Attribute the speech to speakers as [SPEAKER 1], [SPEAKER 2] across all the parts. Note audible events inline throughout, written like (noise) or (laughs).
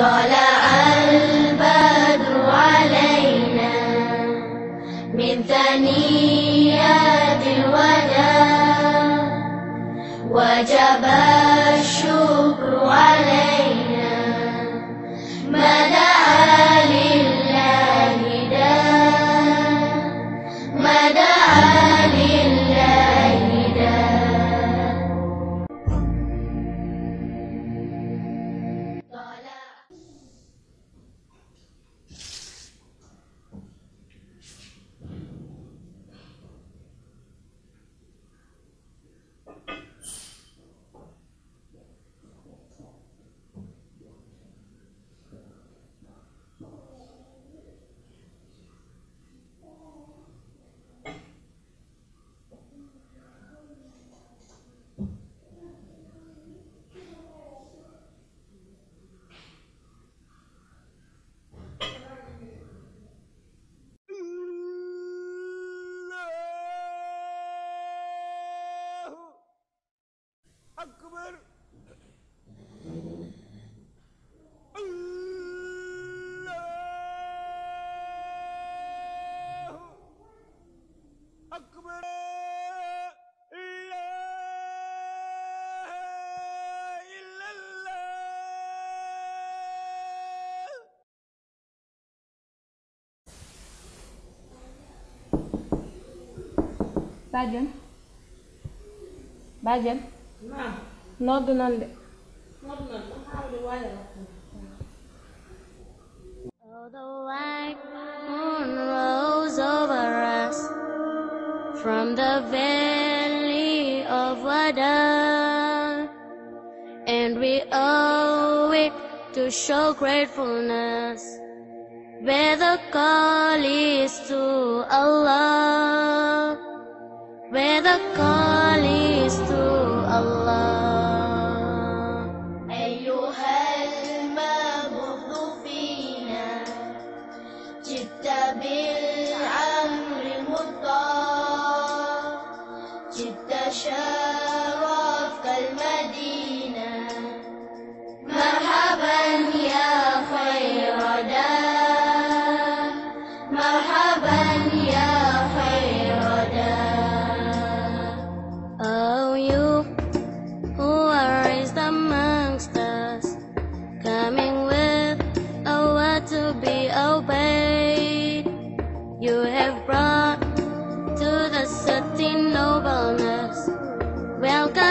[SPEAKER 1] طلع البدر علينا من ثنيات الوداع وجب الشكر علينا bàjjen bàjjen Not the de Not the white moon rose over us from the valley of Wada, and we owe it to show gratefulness where the call is to Allah, where the call is to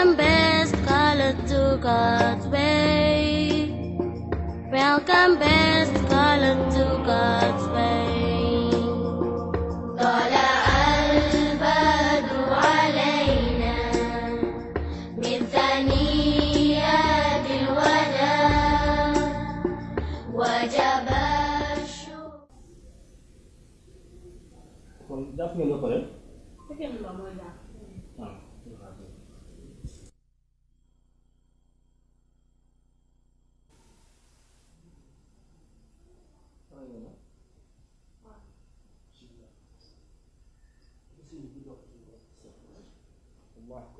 [SPEAKER 1] One best color to God's way. Welcome best color to God's way. طلع البدر علينا من ثنيات الوداع وجب الشكر.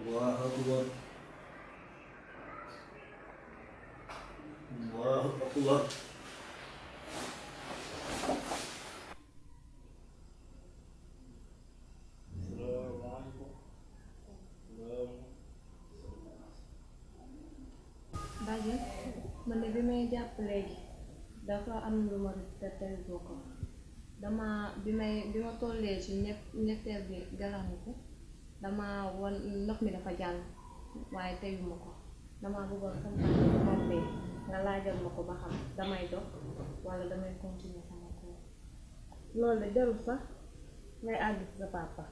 [SPEAKER 1] الله أكبر الله أكبر dafa am lu ma tetteel boo dama bi may bi ma tollee ci ñett ñetteel bi ko dama wan ndox mi dafa jàll waaye teyuma ko dama bëggoon xam naa nga laajal ma ko ba xam damay dox walla damay continuer sama koor loolu de jarul sax ngay àgg ci sa papa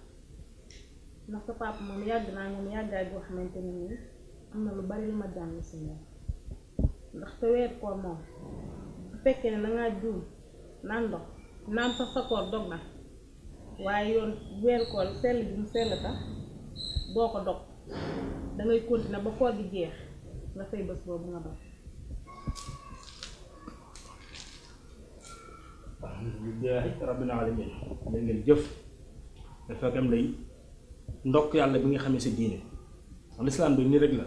[SPEAKER 1] ndax sa papa moom yàgg naa moom yàggaay boo xamante ne am na lu bari lu ma jàng si moom ndax te weer koor moom bu fekkee ne dangaa juum naan ndox naan sax sa koor dog na waaye yoon weer koor sell bi mu sell tax doo ko dog da ngay continuer ba koor gi jeex nga fay bés boobu nga ba alhamdulilahi rabbil alamin da ngeen jëf dafa gam lay ndokk yàlla bi nga xamee sa diine lislaam bi nii rek la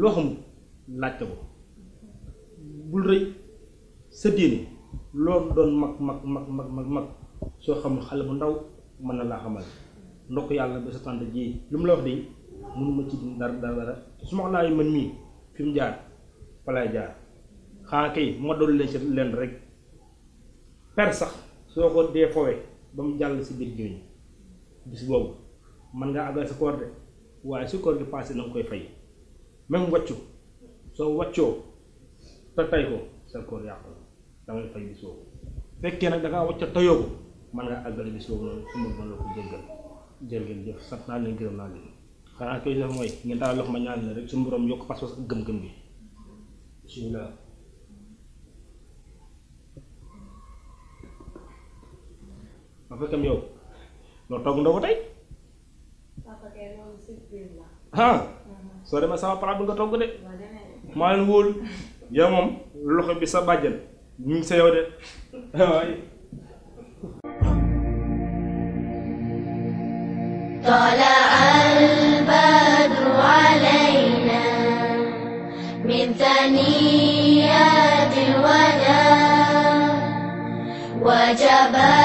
[SPEAKER 1] loo xamul laaj ko bul rëy sa diine loolu doon mag mag mag mag mag mag soo xamul xale bu ndaw mën na laa xamal ndokk yalla ba sa tante ji lum la wax de ma ci dar dar dar suma ma laay mën mii fi jaar fa jaar xanaa kay ma doon leen ci len rek per sax soko ko fowé bam jall ci jàll si bis bobu man nga agal sa corde de su corde passé nang koy fay même waccu so waccu ta tay ko sa corde yàqu da ngay fay bis boobu fekkee nag da nga waccu tayoo man nga agal bis boobu noonu su la ko jéggal jël jëf sant naa leen gërëm naa leen xanaa koy def mooy ngeen daal lox ma ñaan la rek suñu borom yokk pas-pas ak gëm-gëm bi bismillah ma fekkam yow loo togg ndoo ko tey ah soo demee sama palaat nga togg de maa leen wóolu yow moom loxo bi sa bàjjan ñu ngi sa yow de waaye (laughs) طلع البدر علينا من ثنيات الوداع وجبال